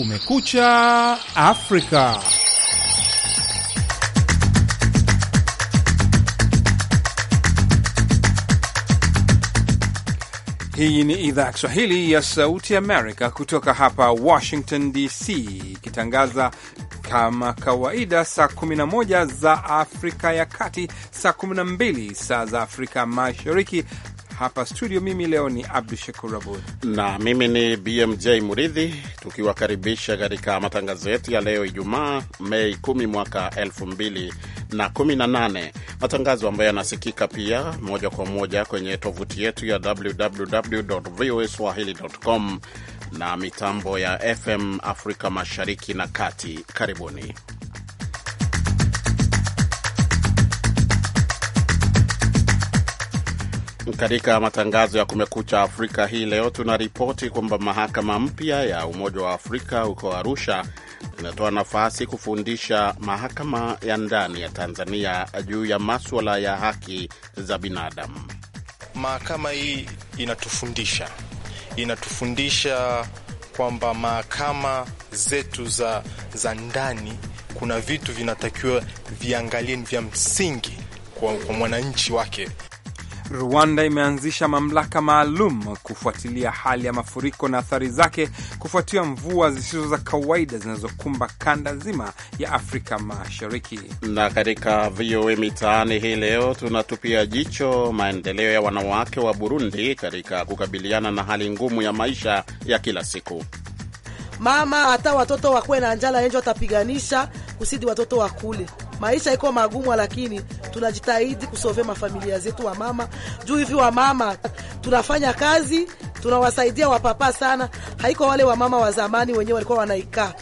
Kumekucha Afrika. Hii ni idhaa ya Kiswahili ya Sauti Amerika kutoka hapa Washington DC, ikitangaza kama kawaida saa 11 za Afrika ya Kati, saa 12 saa za Afrika Mashariki, hapa studio mimi leo ni Abdu Shakur Abud na mimi ni BMJ Muridhi, tukiwakaribisha katika matangazo yetu ya leo Ijumaa Mei 10 mwaka 2018, matangazo ambayo yanasikika pia moja kwa moja kwenye tovuti yetu ya www voa swahili.com na mitambo ya FM Afrika mashariki na kati. Karibuni. Katika matangazo ya Kumekucha Afrika hii leo tunaripoti kwamba mahakama mpya ya Umoja wa Afrika huko Arusha inatoa nafasi kufundisha mahakama ya ndani ya Tanzania juu ya maswala ya haki za binadamu. Mahakama hii inatufundisha, inatufundisha kwamba mahakama zetu za, za ndani kuna vitu vinatakiwa viangalie vya msingi kwa, kwa mwananchi wake. Rwanda imeanzisha mamlaka maalum kufuatilia hali ya mafuriko na athari zake kufuatia mvua zisizo za kawaida zinazokumba kanda zima ya Afrika Mashariki. Na katika VOA Mitaani hii leo tunatupia jicho maendeleo ya wanawake wa Burundi katika kukabiliana na hali ngumu ya maisha ya kila siku. Mama hata watoto wakuwe na njala enje watapiganisha kusidi watoto wakule maisha iko magumu, lakini tunajitahidi kusovea mafamilia zetu wa mama juu hivi wa mama tunafanya kazi, tunawasaidia wapapa sana, haiko wale wamama wa zamani wenyewe walikuwa wanaikaa.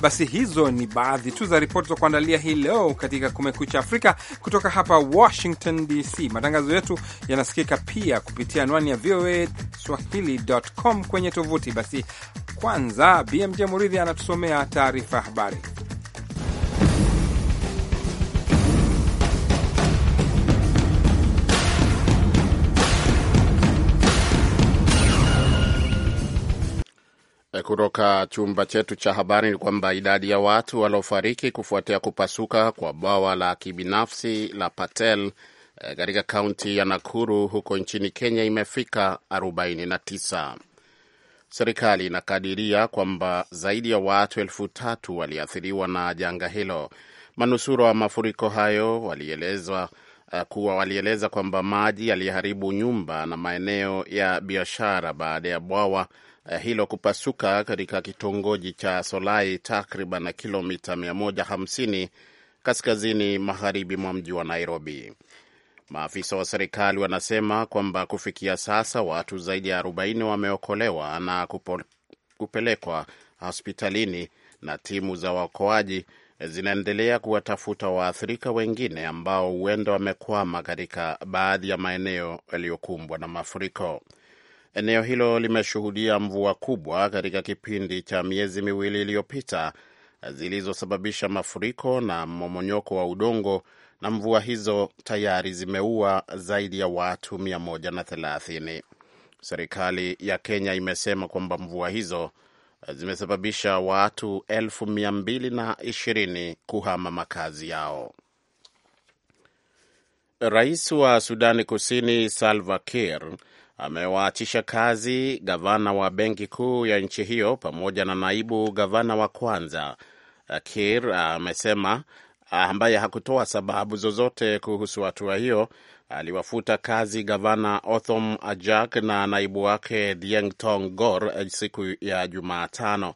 Basi hizo ni baadhi tu za ripoti za kuandalia hii leo katika Kumekucha Afrika kutoka hapa Washington DC. Matangazo yetu yanasikika pia kupitia anwani ya VOA swahili.com kwenye tovuti. Basi kwanza, BMJ Muridhi anatusomea taarifa ya habari. Eh, kutoka chumba chetu cha habari ni kwamba idadi ya watu waliofariki kufuatia kupasuka kwa bwawa la kibinafsi la Patel eh, katika kaunti ya Nakuru huko nchini Kenya imefika 49. Serikali inakadiria kwamba zaidi ya watu elfu tatu waliathiriwa na janga hilo. Manusura wa mafuriko hayo walielezwa eh, kuwa walieleza kwamba maji yaliharibu nyumba na maeneo ya biashara baada ya bwawa Eh, hilo kupasuka katika kitongoji cha Solai, takriban kilomita 150 kaskazini magharibi mwa mji wa Nairobi. Maafisa wa serikali wanasema kwamba kufikia sasa watu zaidi ya 40 wameokolewa na kupo, kupelekwa hospitalini na timu za waokoaji zinaendelea kuwatafuta waathirika wengine ambao huenda wamekwama katika baadhi ya maeneo yaliyokumbwa na mafuriko. Eneo hilo limeshuhudia mvua kubwa katika kipindi cha miezi miwili iliyopita zilizosababisha mafuriko na mmomonyoko wa udongo, na mvua hizo tayari zimeua zaidi ya watu 130. Serikali ya Kenya imesema kwamba mvua hizo zimesababisha watu 220 kuhama makazi yao. Rais wa Sudani Kusini Salva Kiir amewaachisha kazi gavana wa benki kuu ya nchi hiyo pamoja na naibu gavana wa kwanza. kir amesema ambaye hakutoa sababu zozote kuhusu hatua hiyo, aliwafuta kazi gavana Othom Ajak na naibu wake Dieng Tong Gor siku ya Jumatano.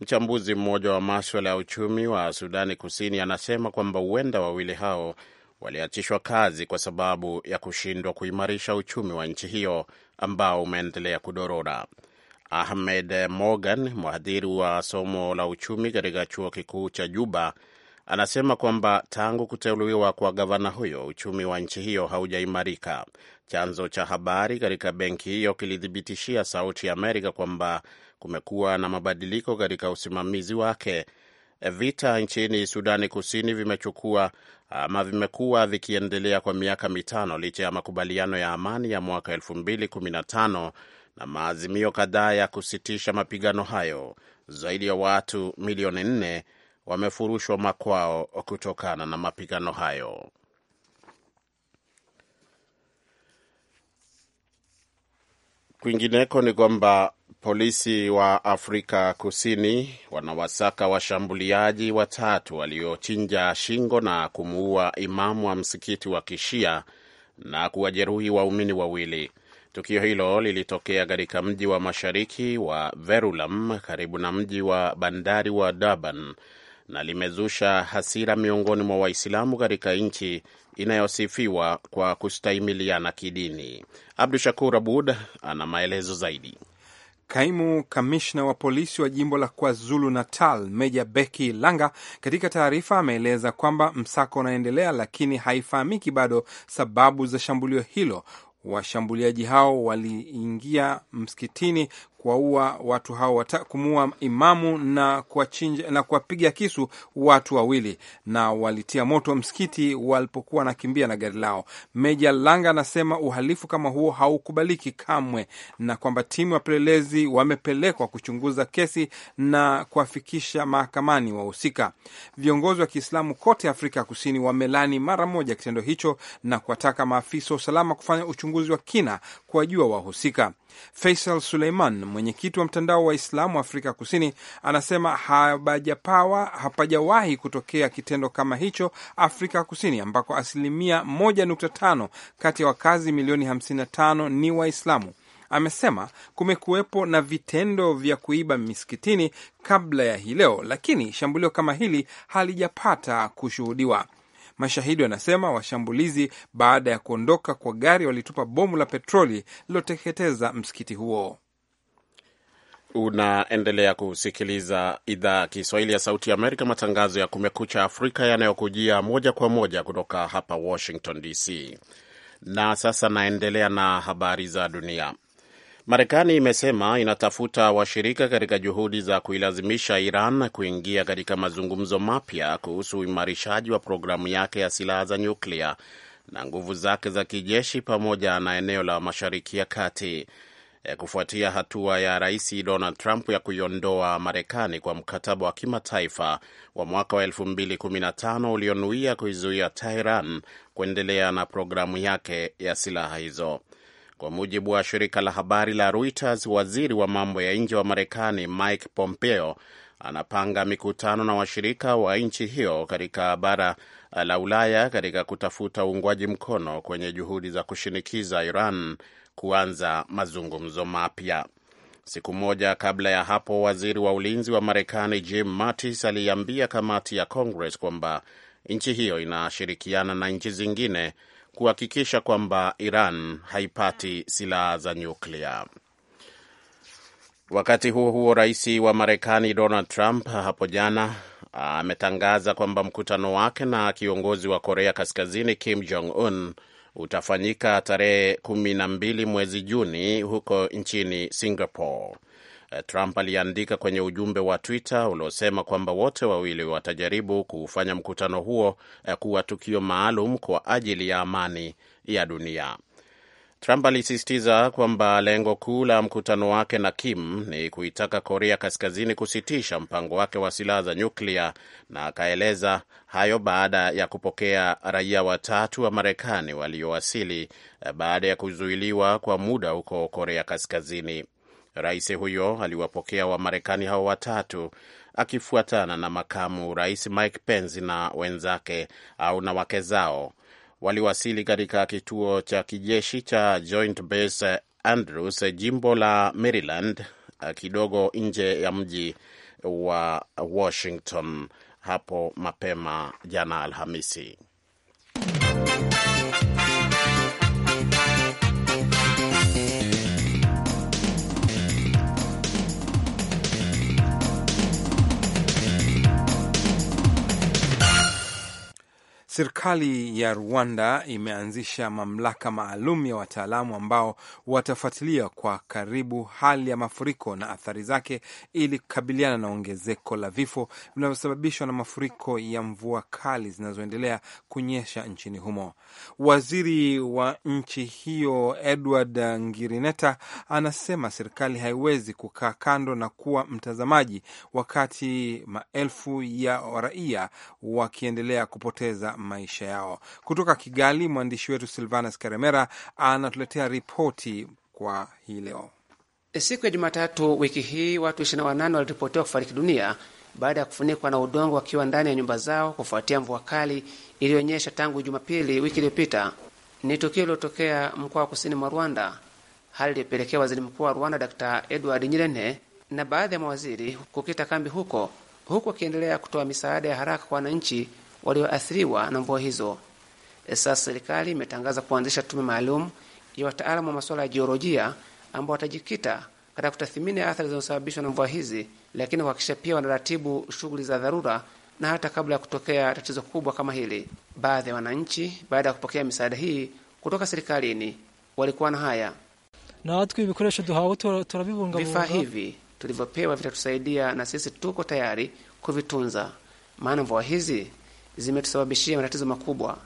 Mchambuzi mmoja wa maswala ya uchumi wa Sudani Kusini anasema kwamba huenda wawili hao waliachishwa kazi kwa sababu ya kushindwa kuimarisha uchumi wa nchi hiyo ambao umeendelea kudorora. Ahmed Morgan, mhadhiri wa somo la uchumi katika chuo kikuu cha Juba, anasema kwamba tangu kuteuliwa kwa gavana huyo uchumi wa nchi hiyo haujaimarika. Chanzo cha habari katika benki hiyo kilithibitishia Sauti ya Amerika kwamba kumekuwa na mabadiliko katika usimamizi wake vita nchini Sudani Kusini vimechukua ama vimekuwa vikiendelea kwa miaka mitano licha ya makubaliano ya amani ya mwaka 215 na na maazimio kadhaa ya kusitisha mapigano hayo. Zaidi ya watu milioni nne wamefurushwa makwao kutokana na mapigano hayo. Kwingineko ni kwamba Polisi wa Afrika Kusini wanawasaka washambuliaji watatu waliochinja shingo na kumuua imamu wa msikiti wa Kishia na kuwajeruhi waumini wawili. Tukio hilo lilitokea katika mji wa mashariki wa Verulam karibu na mji wa bandari wa Durban na limezusha hasira miongoni mwa Waislamu katika nchi inayosifiwa kwa kustahimiliana kidini. Abdu Shakur Abud ana maelezo zaidi. Kaimu kamishna wa polisi wa jimbo la KwaZulu Natal, Meja Beki Langa, katika taarifa ameeleza kwamba msako unaendelea, lakini haifahamiki bado sababu za shambulio hilo. Washambuliaji hao waliingia msikitini kuwaua watu hao, kumuua imamu na kuwachinja na kuwapiga kisu watu wawili, na walitia moto msikiti walipokuwa wanakimbia na gari lao. Meja Langa anasema uhalifu kama huo haukubaliki kamwe, na kwamba timu ya wapelelezi wamepelekwa kuchunguza kesi na kuwafikisha mahakamani wahusika. Viongozi wa Kiislamu kote Afrika Kusini wamelani mara moja kitendo hicho na kuwataka maafisa wa usalama kufanya uchunguzi wa kina kuwajua wahusika. Faisal Suleiman, mwenyekiti wa mtandao wa Waislamu Afrika Kusini, anasema hapajawahi kutokea kitendo kama hicho Afrika Kusini, ambako asilimia 1.5 kati ya wakazi milioni 55 ni Waislamu. Amesema kumekuwepo na vitendo vya kuiba misikitini kabla ya hii leo, lakini shambulio kama hili halijapata kushuhudiwa. Mashahidi wanasema washambulizi, baada ya kuondoka kwa gari, walitupa bomu la petroli lililoteketeza msikiti huo. Unaendelea kusikiliza idhaa ya Kiswahili ya Sauti ya Amerika, matangazo ya Kumekucha Afrika yanayokujia moja kwa moja kutoka hapa Washington DC. Na sasa naendelea na habari za dunia. Marekani imesema inatafuta washirika katika juhudi za kuilazimisha Iran kuingia katika mazungumzo mapya kuhusu uimarishaji wa programu yake ya silaha za nyuklia na nguvu zake za kijeshi pamoja na eneo la Mashariki ya Kati e, kufuatia hatua ya Rais Donald Trump ya kuiondoa Marekani kwa mkataba wa kimataifa wa mwaka wa 2015 ulionuia kuizuia Tehran kuendelea na programu yake ya silaha hizo. Kwa mujibu wa shirika la habari la Reuters, waziri wa mambo ya nje wa Marekani Mike Pompeo anapanga mikutano na washirika wa nchi hiyo katika bara la Ulaya katika kutafuta uungwaji mkono kwenye juhudi za kushinikiza Iran kuanza mazungumzo mapya. Siku moja kabla ya hapo, waziri wa ulinzi wa Marekani Jim Mattis aliambia kamati ya Congress kwamba nchi hiyo inashirikiana na nchi zingine kuhakikisha kwamba Iran haipati silaha za nyuklia. Wakati huo huo, rais wa Marekani Donald Trump hapo jana ametangaza kwamba mkutano wake na kiongozi wa Korea Kaskazini Kim Jong Un utafanyika tarehe kumi na mbili mwezi Juni huko nchini Singapore. Eh, Trump aliandika kwenye ujumbe wa Twitter uliosema kwamba wote wawili watajaribu kufanya mkutano huo eh, kuwa tukio maalum kwa ajili ya amani ya dunia. Trump alisisitiza kwamba lengo kuu la mkutano wake na Kim ni kuitaka Korea Kaskazini kusitisha mpango wake wa silaha za nyuklia, na akaeleza hayo baada ya kupokea raia watatu wa Marekani waliowasili eh, baada ya kuzuiliwa kwa muda huko Korea Kaskazini. Rais huyo aliwapokea Wamarekani hao watatu akifuatana na makamu rais Mike Pence na wenzake au na wake zao. Waliwasili katika kituo cha kijeshi cha Joint Base Andrews, jimbo la Maryland, kidogo nje ya mji wa Washington hapo mapema jana Alhamisi. Serikali ya Rwanda imeanzisha mamlaka maalum ya wataalamu ambao watafuatilia kwa karibu hali ya mafuriko na athari zake ili kukabiliana na ongezeko la vifo vinavyosababishwa na mafuriko ya mvua kali zinazoendelea kunyesha nchini humo. Waziri wa nchi hiyo Edward Ngirineta anasema serikali haiwezi kukaa kando na kuwa mtazamaji wakati maelfu ya raia wakiendelea kupoteza maisha yao. Kutoka Kigali, mwandishi wetu Silvanus Karemera anatuletea ripoti kwa hii leo. E, siku ya Jumatatu wiki hii watu 28 waliripotiwa kufariki dunia baada ya kufunikwa na udongo wakiwa ndani ya nyumba zao kufuatia mvua kali iliyoonyesha tangu Jumapili wiki iliyopita. Ni tukio lililotokea mkoa wa kusini mwa Rwanda, hali iliyopelekea waziri mkuu wa Rwanda Dr Edward Nyirene na baadhi ya mawaziri kukita kambi huko, huku wakiendelea kutoa misaada ya haraka kwa wananchi walioathiriwa na mvua hizo. E, sasa serikali imetangaza kuanzisha tume maalum ya wataalamu wa masuala ya jiolojia ambao watajikita katika kutathimini athari zinazosababishwa na mvua hizi, lakini kuhakikisha pia wanaratibu shughuli za dharura na hata kabla ya kutokea tatizo kubwa kama hili. Baadhi ya wananchi baada ya kupokea misaada hii kutoka serikalini walikuwa na haya: vifaa hivi tulivyopewa vitatusaidia na sisi tuko tayari kuvitunza, maana mvua hizi zimetusababishia matatizo makubwa.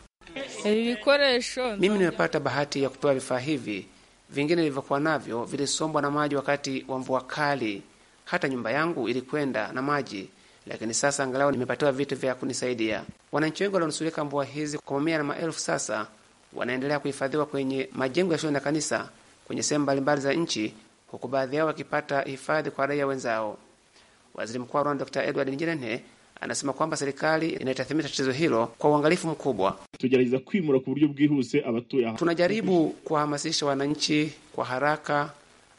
Mimi nimepata bahati ya kupewa vifaa hivi, vingine ilivyokuwa navyo vilisombwa na maji wakati wa mvua kali. Hata nyumba yangu ilikwenda na maji, lakini sasa angalau nimepatiwa vitu vya kunisaidia. Wananchi wengi walionusurika mvua hizi kwa mamia na maelfu sasa wanaendelea kuhifadhiwa kwenye majengo ya shule na kanisa kwenye sehemu mbalimbali za nchi, huku baadhi yao wakipata hifadhi kwa raia wenzao. Waziri Mkuu wa Rwanda Dr Edward Ngirente anasema kwamba serikali inaitathimini tatizo hilo kwa uangalifu mkubwa. Tunajaribu kuwahamasisha wananchi kwa haraka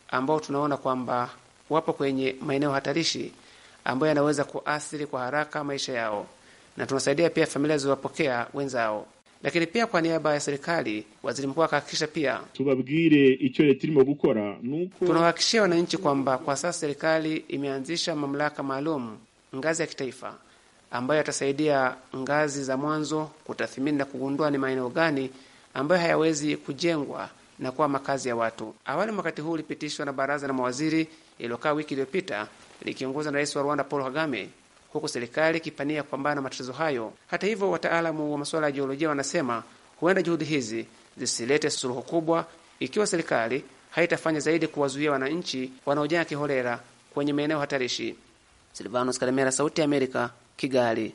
ambao tunaona kwamba wapo kwenye maeneo hatarishi ambayo yanaweza kuathiri kwa haraka maisha yao, na tunasaidia pia familia zilizowapokea wenzao lakini pia kwa niaba ya serikali waziri mkuu akahakikisha pia tubabwire icyo leta irimo gukora nuko tunawahakikishia wananchi kwamba kwa sasa serikali imeanzisha mamlaka maalum ngazi ya kitaifa ambayo yatasaidia ngazi za mwanzo kutathimini na kugundua ni maeneo gani ambayo hayawezi kujengwa na kuwa makazi ya watu. Awali mwakati huu ulipitishwa na baraza la mawaziri iliyokaa wiki iliyopita likiongozwa na rais wa Rwanda Paul Kagame, huku serikali ikipania kupambana na matatizo hayo. Hata hivyo, wataalamu wa masuala ya jiolojia wanasema huenda juhudi hizi zisilete suluhu kubwa ikiwa serikali haitafanya zaidi kuwazuia wananchi wanaojenga kiholela kwenye maeneo hatarishi. Silvanos Sauti ya Amerika, Kigali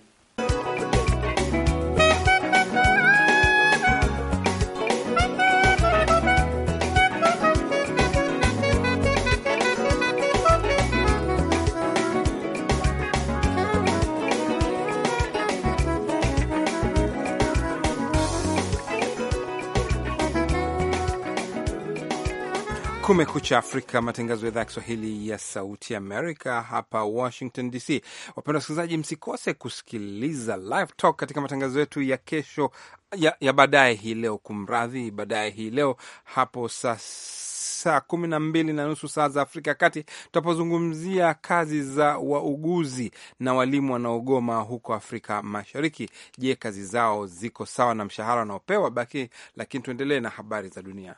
Kumekucha Afrika, matangazo ya idhaa ya Kiswahili ya Sauti Amerika hapa Washington DC. Wapenda wasikilizaji, msikose kusikiliza Live Talk katika matangazo yetu ya kesho ya, ya baadaye hii leo, kumradhi, baadaye hii leo hapo sasa saa kumi na mbili na nusu saa za Afrika ya Kati, tutapozungumzia kazi za wauguzi na walimu wanaogoma huko Afrika Mashariki. Je, kazi zao ziko sawa na mshahara wanaopewa? Baki lakini tuendelee na habari za dunia.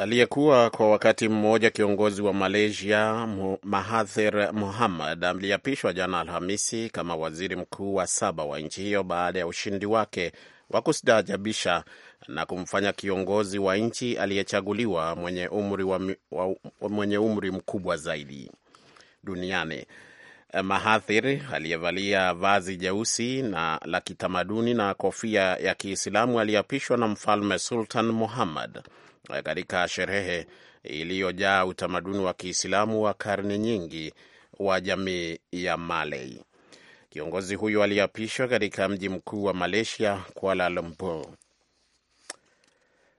Aliyekuwa kwa wakati mmoja kiongozi wa Malaysia Mahathir Muhammad, aliapishwa jana Alhamisi kama waziri mkuu wa saba wa nchi hiyo baada ya ushindi wake wa kustaajabisha na kumfanya kiongozi wa nchi aliyechaguliwa mwenye umri, wa, wa, mwenye umri mkubwa zaidi duniani. Mahathir aliyevalia vazi jeusi na la kitamaduni na kofia ya Kiislamu aliapishwa na mfalme Sultan Muhammad katika sherehe iliyojaa utamaduni wa Kiislamu wa karne nyingi wa jamii ya Malay. Kiongozi huyo aliapishwa katika mji mkuu wa Malaysia, Kuala Lumpur.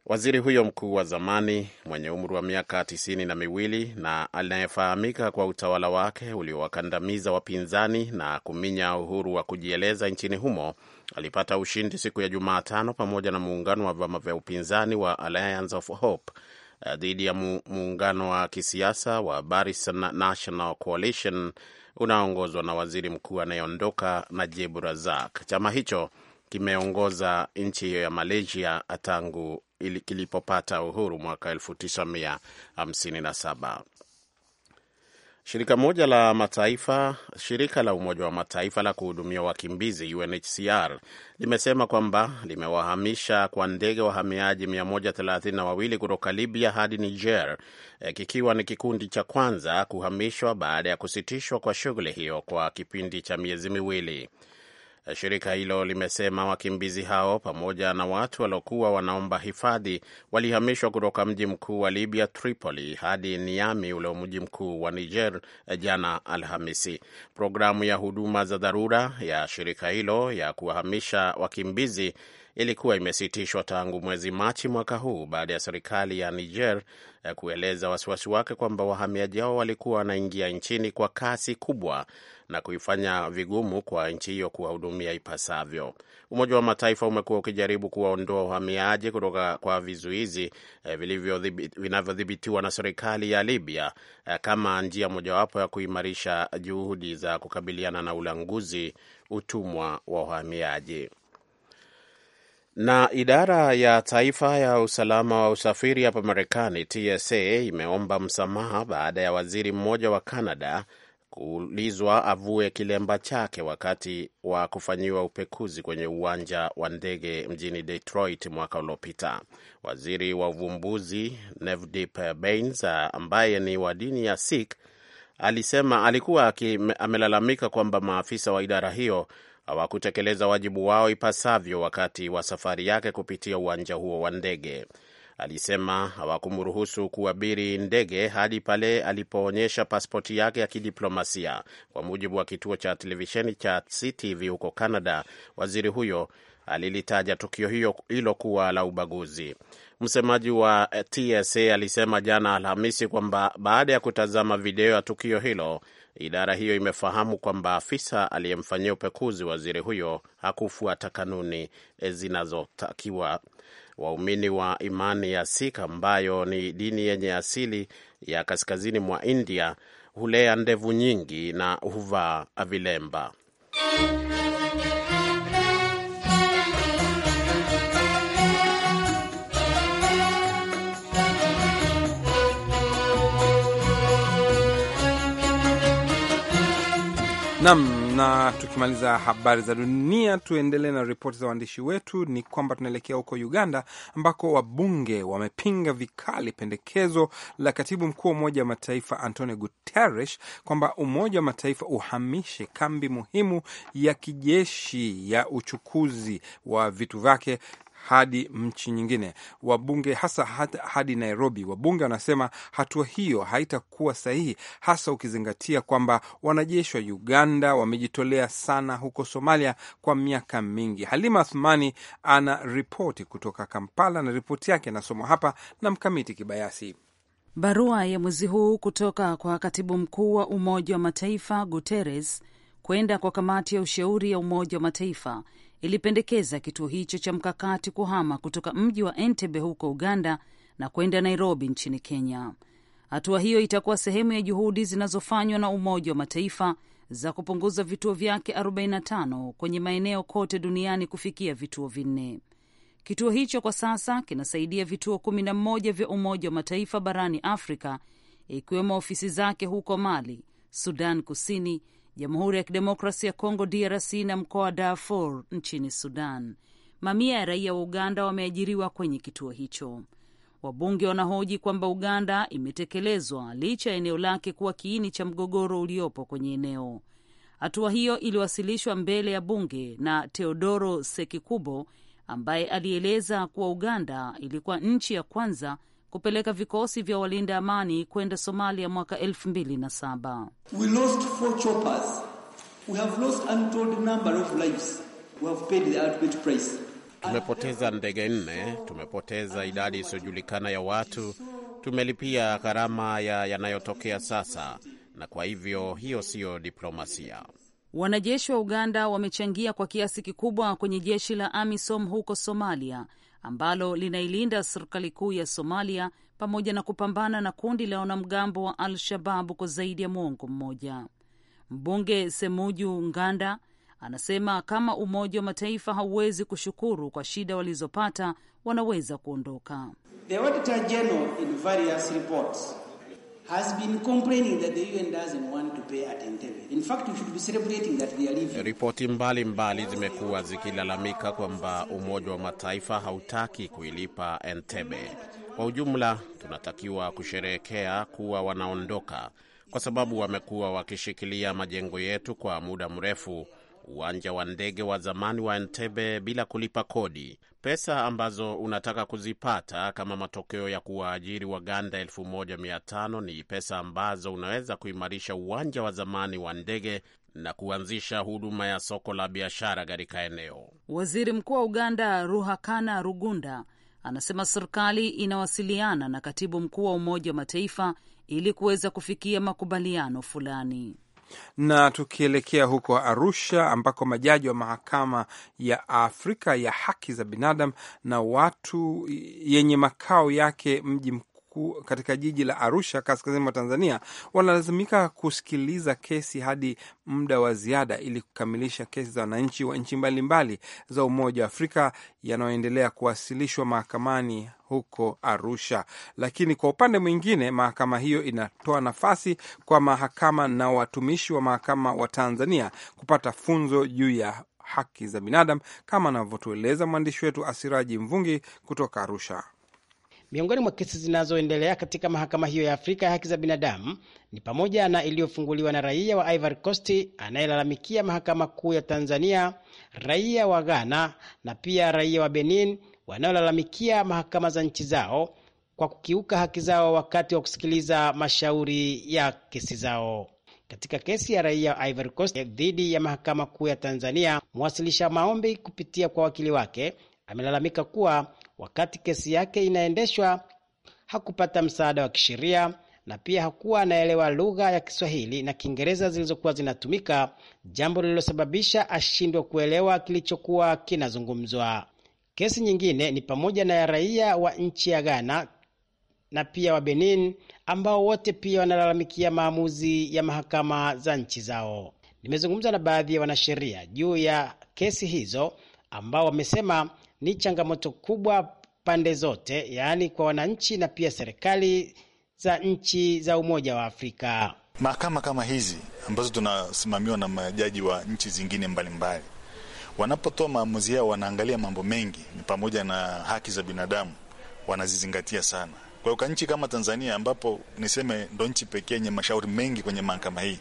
Waziri huyo mkuu wa zamani mwenye umri wa miaka tisini na miwili na anayefahamika kwa utawala wake uliowakandamiza wapinzani na kuminya uhuru wa kujieleza nchini humo alipata ushindi siku ya Jumatano pamoja na muungano wa vyama vya upinzani wa Alliance of Hope eh, dhidi ya muungano wa kisiasa wa Barisan National Coalition unaoongozwa na waziri mkuu anayeondoka Najib Razak. Chama hicho kimeongoza nchi hiyo ya Malaysia tangu kilipopata uhuru mwaka 1957. Shirika moja la mataifa, shirika la Umoja wa Mataifa la kuhudumia wakimbizi UNHCR limesema kwamba limewahamisha kwa ndege wahamiaji 132 kutoka Libya hadi Niger, eh, kikiwa ni kikundi cha kwanza kuhamishwa baada ya kusitishwa kwa shughuli hiyo kwa kipindi cha miezi miwili. Shirika hilo limesema wakimbizi hao pamoja na watu waliokuwa wanaomba hifadhi walihamishwa kutoka mji mkuu wa Libya, Tripoli, hadi Niami ulio mji mkuu wa Niger jana Alhamisi. Programu ya huduma za dharura ya shirika hilo ya kuwahamisha wakimbizi ilikuwa imesitishwa tangu mwezi Machi mwaka huu baada ya serikali ya Niger eh, kueleza wasiwasi wake kwamba wahamiaji hao walikuwa wanaingia nchini kwa kasi kubwa na kuifanya vigumu kwa nchi hiyo kuwahudumia ipasavyo. Umoja wa Mataifa umekuwa ukijaribu kuwaondoa wahamiaji kutoka kwa vizuizi eh, vinavyodhibitiwa na serikali ya Libya eh, kama njia mojawapo ya kuimarisha juhudi za kukabiliana na ulanguzi, utumwa wa wahamiaji. Na idara ya taifa ya usalama wa usafiri hapa Marekani, TSA, imeomba msamaha baada ya waziri mmoja wa Canada kuulizwa avue kilemba chake wakati wa kufanyiwa upekuzi kwenye uwanja wa ndege mjini Detroit mwaka uliopita. Waziri wa uvumbuzi Navdeep Bains, ambaye ni wa dini ya Sikh, alisema alikuwa amelalamika kwamba maafisa wa idara hiyo hawakutekeleza wajibu wao ipasavyo wakati wa safari yake kupitia uwanja huo wa ndege. Alisema hawakumruhusu kuabiri ndege hadi pale alipoonyesha paspoti yake ya kidiplomasia. Kwa mujibu wa kituo cha televisheni cha CTV huko Canada, waziri huyo alilitaja tukio hilo kuwa la ubaguzi. Msemaji wa TSA alisema jana Alhamisi kwamba baada ya kutazama video ya tukio hilo Idara hiyo imefahamu kwamba afisa aliyemfanyia upekuzi waziri huyo hakufuata kanuni zinazotakiwa. Waumini wa imani ya Sikh ambayo ni dini yenye asili ya kaskazini mwa India hulea ndevu nyingi na huvaa vilemba. Nam na tukimaliza habari za dunia, tuendelee na ripoti za waandishi wetu. Ni kwamba tunaelekea huko Uganda ambako wabunge wamepinga vikali pendekezo la katibu mkuu wa Umoja wa Mataifa Antonio Guterres kwamba Umoja wa Mataifa uhamishe kambi muhimu ya kijeshi ya uchukuzi wa vitu vyake hadi mchi nyingine, wabunge hasa hadi Nairobi. Wabunge wanasema hatua hiyo haitakuwa sahihi, hasa ukizingatia kwamba wanajeshi wa Uganda wamejitolea sana huko Somalia kwa miaka mingi. Halima athmani ana ripoti kutoka Kampala na ripoti yake anasomwa hapa na Mkamiti Kibayasi. Barua ya mwezi huu kutoka kwa katibu mkuu wa Umoja wa Mataifa Guterres kwenda kwa kamati ya ushauri ya Umoja wa Mataifa ilipendekeza kituo hicho cha mkakati kuhama kutoka mji wa Entebbe huko Uganda na kwenda Nairobi nchini Kenya. Hatua hiyo itakuwa sehemu ya juhudi zinazofanywa na Umoja wa Mataifa za kupunguza vituo vyake 45 kwenye maeneo kote duniani kufikia vituo vinne. Kituo hicho kwa sasa kinasaidia vituo 11 vya Umoja wa Mataifa barani Afrika, ikiwemo ofisi zake huko Mali, Sudan Kusini, Jamhuri ya Kidemokrasi ya Kongo DRC na mkoa wa Darfur nchini Sudan. Mamia ya raia wa Uganda wameajiriwa kwenye kituo hicho. Wabunge wanahoji kwamba Uganda imetekelezwa licha ya eneo lake kuwa kiini cha mgogoro uliopo kwenye eneo. Hatua hiyo iliwasilishwa mbele ya bunge na Teodoro Sekikubo ambaye alieleza kuwa Uganda ilikuwa nchi ya kwanza kupeleka vikosi vya walinda amani kwenda Somalia mwaka 2007. Tumepoteza ndege nne, tumepoteza idadi isiyojulikana ya watu, tumelipia gharama ya yanayotokea sasa, na kwa hivyo hiyo siyo diplomasia. Wanajeshi wa Uganda wamechangia kwa kiasi kikubwa kwenye jeshi la AMISOM huko Somalia ambalo linailinda serikali kuu ya Somalia pamoja na kupambana na kundi la wanamgambo wa Al-Shababu kwa zaidi ya mwongo mmoja. Mbunge Semuju Nganda anasema kama Umoja wa Mataifa hauwezi kushukuru kwa shida walizopata, wanaweza kuondoka. The Auditor General in various reports Ripoti mbalimbali zimekuwa zikilalamika kwamba Umoja wa Mataifa hautaki kuilipa Entebbe. Kwa ujumla, tunatakiwa kusherehekea kuwa wanaondoka, kwa sababu wamekuwa wakishikilia majengo yetu kwa muda mrefu uwanja wa ndege wa zamani wa Entebbe bila kulipa kodi. Pesa ambazo unataka kuzipata kama matokeo ya kuwaajiri Waganda elfu ni pesa ambazo unaweza kuimarisha uwanja wa zamani wa ndege na kuanzisha huduma ya soko la biashara katika eneo. Waziri Mkuu wa Uganda Ruhakana Rugunda anasema serikali inawasiliana na katibu mkuu wa Umoja wa Mataifa ili kuweza kufikia makubaliano fulani. Na tukielekea huko Arusha ambako majaji wa mahakama ya Afrika ya haki za binadamu na watu yenye makao yake mji mkuu katika jiji la Arusha kaskazini mwa Tanzania wanalazimika kusikiliza kesi hadi muda wa ziada ili kukamilisha kesi za wananchi wa nchi mbalimbali za Umoja wa Afrika yanayoendelea kuwasilishwa mahakamani huko Arusha. Lakini kwa upande mwingine, mahakama hiyo inatoa nafasi kwa mahakama na watumishi wa mahakama wa Tanzania kupata funzo juu ya haki za binadamu, kama anavyotueleza mwandishi wetu Asiraji Mvungi kutoka Arusha. Miongoni mwa kesi zinazoendelea katika mahakama hiyo ya Afrika ya haki za binadamu ni pamoja na iliyofunguliwa na raia wa Ivory Coast anayelalamikia mahakama kuu ya Tanzania, raia wa Ghana na pia raia wa Benin wanaolalamikia mahakama za nchi zao kwa kukiuka haki zao wakati wa kusikiliza mashauri ya kesi zao. Katika kesi ya raia wa Ivory Coast dhidi ya mahakama kuu ya Tanzania, mwasilisha maombi kupitia kwa wakili wake amelalamika kuwa Wakati kesi yake inaendeshwa, hakupata msaada wa kisheria na pia hakuwa anaelewa lugha ya Kiswahili na Kiingereza zilizokuwa zinatumika, jambo lililosababisha ashindwe kuelewa kilichokuwa kinazungumzwa. Kesi nyingine ni pamoja na ya raia wa nchi ya Ghana na pia wa Benin ambao wote pia wanalalamikia maamuzi ya mahakama za nchi zao. Nimezungumza na baadhi ya wanasheria juu ya kesi hizo ambao wamesema ni changamoto kubwa pande zote, yaani kwa wananchi na pia serikali za nchi za Umoja wa Afrika. Mahakama kama hizi ambazo tunasimamiwa na majaji wa nchi zingine mbalimbali, wanapotoa maamuzi yao wanaangalia mambo mengi, ni pamoja na haki za binadamu, wanazizingatia sana. Kwa hiyo nchi kama Tanzania ambapo niseme ndo nchi pekee yenye mashauri mengi kwenye mahakama hii,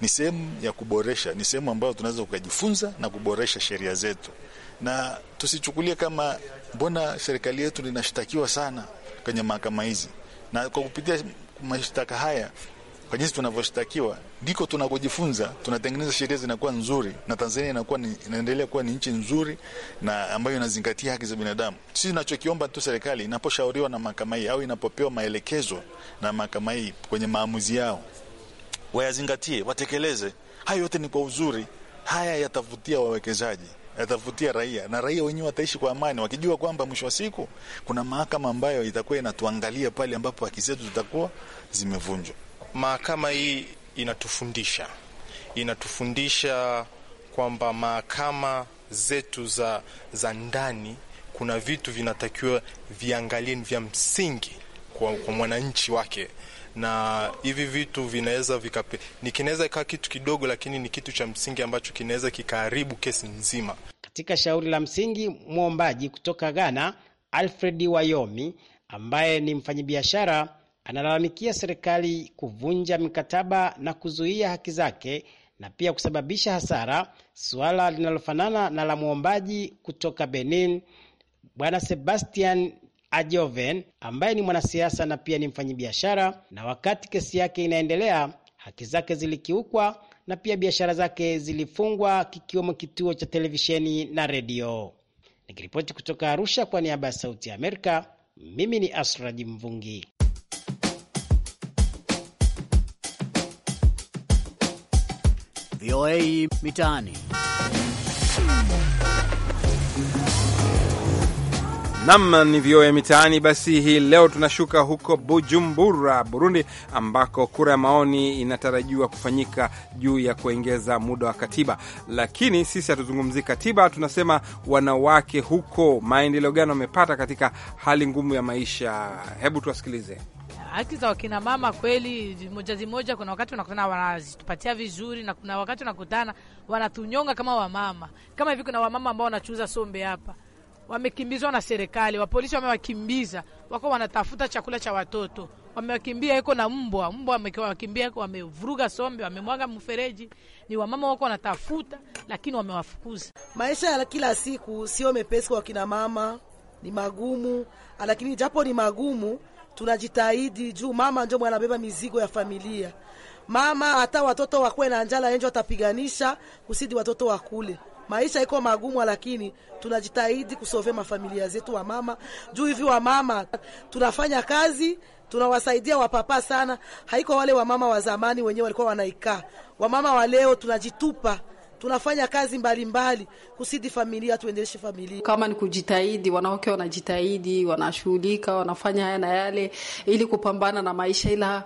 ni sehemu ya kuboresha, ni sehemu ambayo tunaweza kujifunza na kuboresha sheria zetu, na tusichukulie kama mbona serikali yetu linashtakiwa sana kwenye mahakama hizi, na kwa kupitia mashtaka haya kwa jinsi tunavyoshtakiwa ndiko tunakojifunza, tunatengeneza sheria zinakuwa nzuri, na Tanzania inakuwa ni, inaendelea kuwa ni nchi nzuri na ambayo inazingatia haki za binadamu. Sisi tunachokiomba tu serikali inaposhauriwa na mahakama hii au inapopewa maelekezo na mahakama hii kwenye maamuzi yao, wayazingatie, watekeleze. Haya yote ni kwa uzuri, haya yatavutia wawekezaji yatavutia raia na raia wenyewe wataishi kwa amani, wakijua kwamba mwisho wa siku kuna mahakama ambayo itakuwa inatuangalia pale ambapo haki zetu zitakuwa zimevunjwa. Mahakama hii inatufundisha, inatufundisha kwamba mahakama zetu za, za ndani kuna vitu vinatakiwa viangalie vya msingi kwa, kwa mwananchi wake na hivi vitu vinaweza vikape, nikinaweza kaa kitu kidogo, lakini ni kitu cha msingi ambacho kinaweza kikaharibu kesi nzima. Katika shauri la msingi, mwombaji kutoka Ghana Alfred Wayomi ambaye ni mfanyabiashara analalamikia serikali kuvunja mikataba na kuzuia haki zake na pia kusababisha hasara, suala linalofanana na la mwombaji kutoka Benin Bwana Sebastian Ajoven ambaye ni mwanasiasa na pia ni mfanyabiashara, na wakati kesi yake inaendelea, haki zake zilikiukwa na pia biashara zake zilifungwa kikiwemo kituo cha televisheni na redio. Nikiripoti kutoka Arusha kwa niaba ya Sauti ya Amerika, mimi ni Asraji Mvungi. VOA Mitaani. Nam ni VOA Mitaani. Basi hii leo tunashuka huko Bujumbura, Burundi, ambako kura ya maoni inatarajiwa kufanyika juu ya kuongeza muda wa katiba. Lakini sisi hatuzungumzii katiba, tunasema wanawake huko maendeleo gani wamepata katika hali ngumu ya maisha. Hebu tuwasikilize haki za wakina mama kweli, moja zimoja, kuna wakati unakutana wanazitupatia vizuri, na kuna wakati unakutana wanatunyonga kama wamama. Kama hivi, kuna wamama ambao wanachuza sombe hapa, wamekimbizwa na serikali, wapolisi wamewakimbiza, wako wanatafuta chakula cha watoto, wamewakimbia iko na mbwa, mbwa wamewakimbia iko, wamevuruga sombe, wamemwaga mfereji. Ni wamama wako wanatafuta, lakini wamewafukuza. Maisha ya kila siku sio mepesi kwa wakina mama, ni magumu, lakini japo ni magumu tunajitahidi juu mama ndio beba mizigo ya familia. Mama hata watoto wakuwe na njala yenje watapiganisha kusidi watoto wakule. Maisha iko magumu, lakini tunajitahidi kusove mafamilia zetu wa mama juu hivi wa mama tunafanya kazi tunawasaidia wapapa sana, haiko wale wamama wa zamani wenyewe walikuwa wanaikaa. Wamama wa leo tunajitupa tunafanya kazi mbalimbali kusidi familia, tuendeshe familia. Kama ni kujitahidi, wanawake wanajitahidi, wanashughulika, wanafanya haya na yale ili kupambana na maisha ila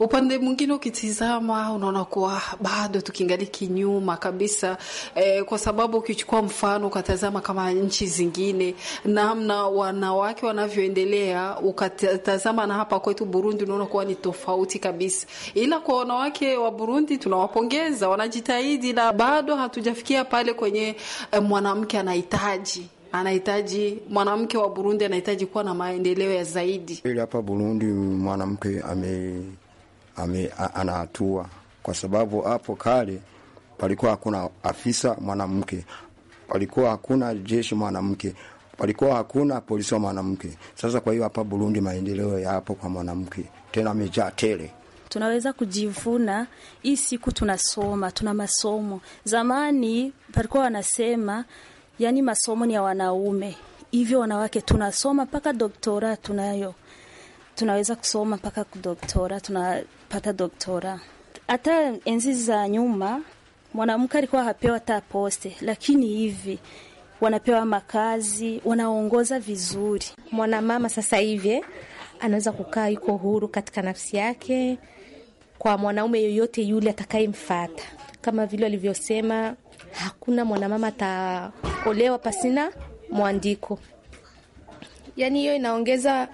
Upande mwingine ukitizama, unaona kuwa bado tukiangali kinyuma kabisa eh, kwa sababu ukichukua mfano ukatazama kama nchi zingine namna wanawake wanavyoendelea, ukatazama na hapa kwetu Burundi, unaona kuwa ni tofauti kabisa. Ila kwa wanawake wa Burundi tunawapongeza, wanajitahidi, na bado hatujafikia pale kwenye eh, mwanamke anahitaji anahitaji mwanamke wa Burundi anahitaji kuwa na maendeleo ya zaidi. Ili hapa Burundi mwanamke ame anatua, kwa sababu hapo kale palikuwa hakuna afisa mwanamke, palikuwa hakuna jeshi mwanamke, palikuwa hakuna polisi wa mwanamke. Sasa kwa hiyo hapa Burundi maendeleo yapo kwa mwanamke, tena amejaa tele tunaweza kujivuna hii siku, tunasoma tuna masomo. Zamani palikuwa wanasema yani masomo ni ya wanaume, hivyo wanawake tunasoma mpaka doktora, tunayo tunaweza kusoma mpaka kudoktora, tuna kupata doktora. Hata enzi za nyuma mwanamke alikuwa hapewa hata poste, lakini hivi wanapewa makazi, wanaongoza vizuri. Mwanamama sasa hivi anaweza kukaa, yuko huru katika nafsi yake kwa mwanaume yoyote yule atakayemfata, kama vile walivyosema, hakuna mwanamama ataolewa pasina mwandiko. Yaani hiyo inaongeza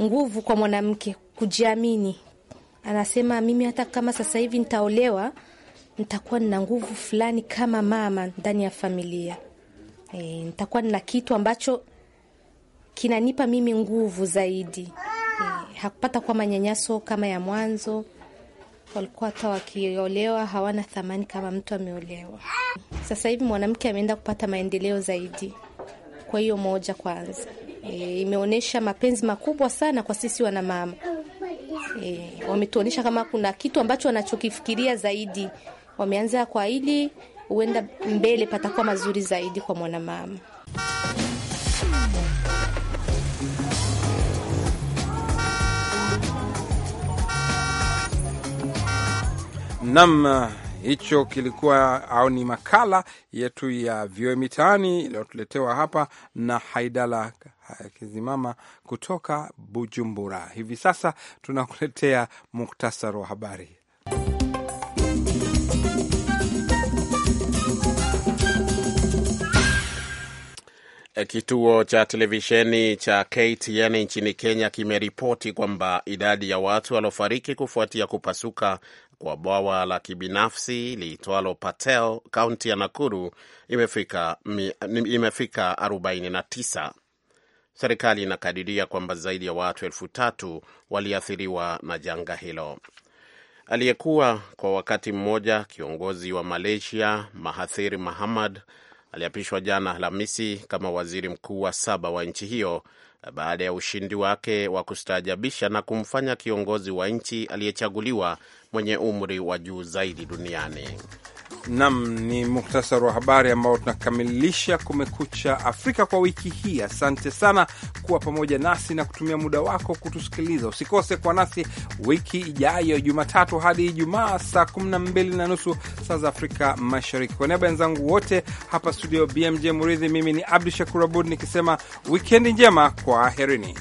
nguvu kwa mwanamke kujiamini anasema mimi hata kama sasa hivi nitaolewa nitakuwa nina nguvu fulani kama mama ndani ya familia e, nitakuwa nina kitu ambacho kinanipa mimi nguvu zaidi e, hakupata kuwa manyanyaso kama ya mwanzo. Walikuwa hata wakiolewa hawana thamani kama mtu ameolewa. Sasa hivi mwanamke ameenda kupata maendeleo zaidi. Kwa hiyo moja kwanza e, imeonyesha mapenzi makubwa sana kwa sisi wanamama. E, eh, wametuonyesha kama kuna kitu ambacho wanachokifikiria zaidi, wameanza kwa hili, huenda mbele patakuwa mazuri zaidi kwa mwanamama. Nam hicho kilikuwa au ni makala yetu ya vyoe mitaani iliyotuletewa hapa na Haidala akizimama kutoka Bujumbura. Hivi sasa tunakuletea muktasari wa habari. Kituo cha televisheni cha KTN nchini Kenya kimeripoti kwamba idadi ya watu waliofariki kufuatia kupasuka kwa bwawa la kibinafsi liitwalo Patel, kaunti ya Nakuru, imefika, imefika 49. Serikali inakadiria kwamba zaidi ya watu elfu tatu waliathiriwa na janga hilo. Aliyekuwa kwa wakati mmoja kiongozi wa Malaysia Mahathir mahamad aliapishwa jana Alhamisi kama waziri mkuu wa saba wa nchi hiyo baada ya ushindi wake wa kustaajabisha na kumfanya kiongozi wa nchi aliyechaguliwa mwenye umri wa juu zaidi duniani. Nam ni muhtasari wa habari ambao tunakamilisha Kumekucha Afrika kwa wiki hii. Asante sana kuwa pamoja nasi na kutumia muda wako kutusikiliza. Usikose kwa nasi wiki ijayo, Jumatatu hadi Ijumaa saa 12 na nusu saa za Afrika Mashariki. Kwa niaba wenzangu wote hapa studio, BMJ Muridhi, mimi ni Abdu Shakur Abud nikisema wikendi njema, kwa herini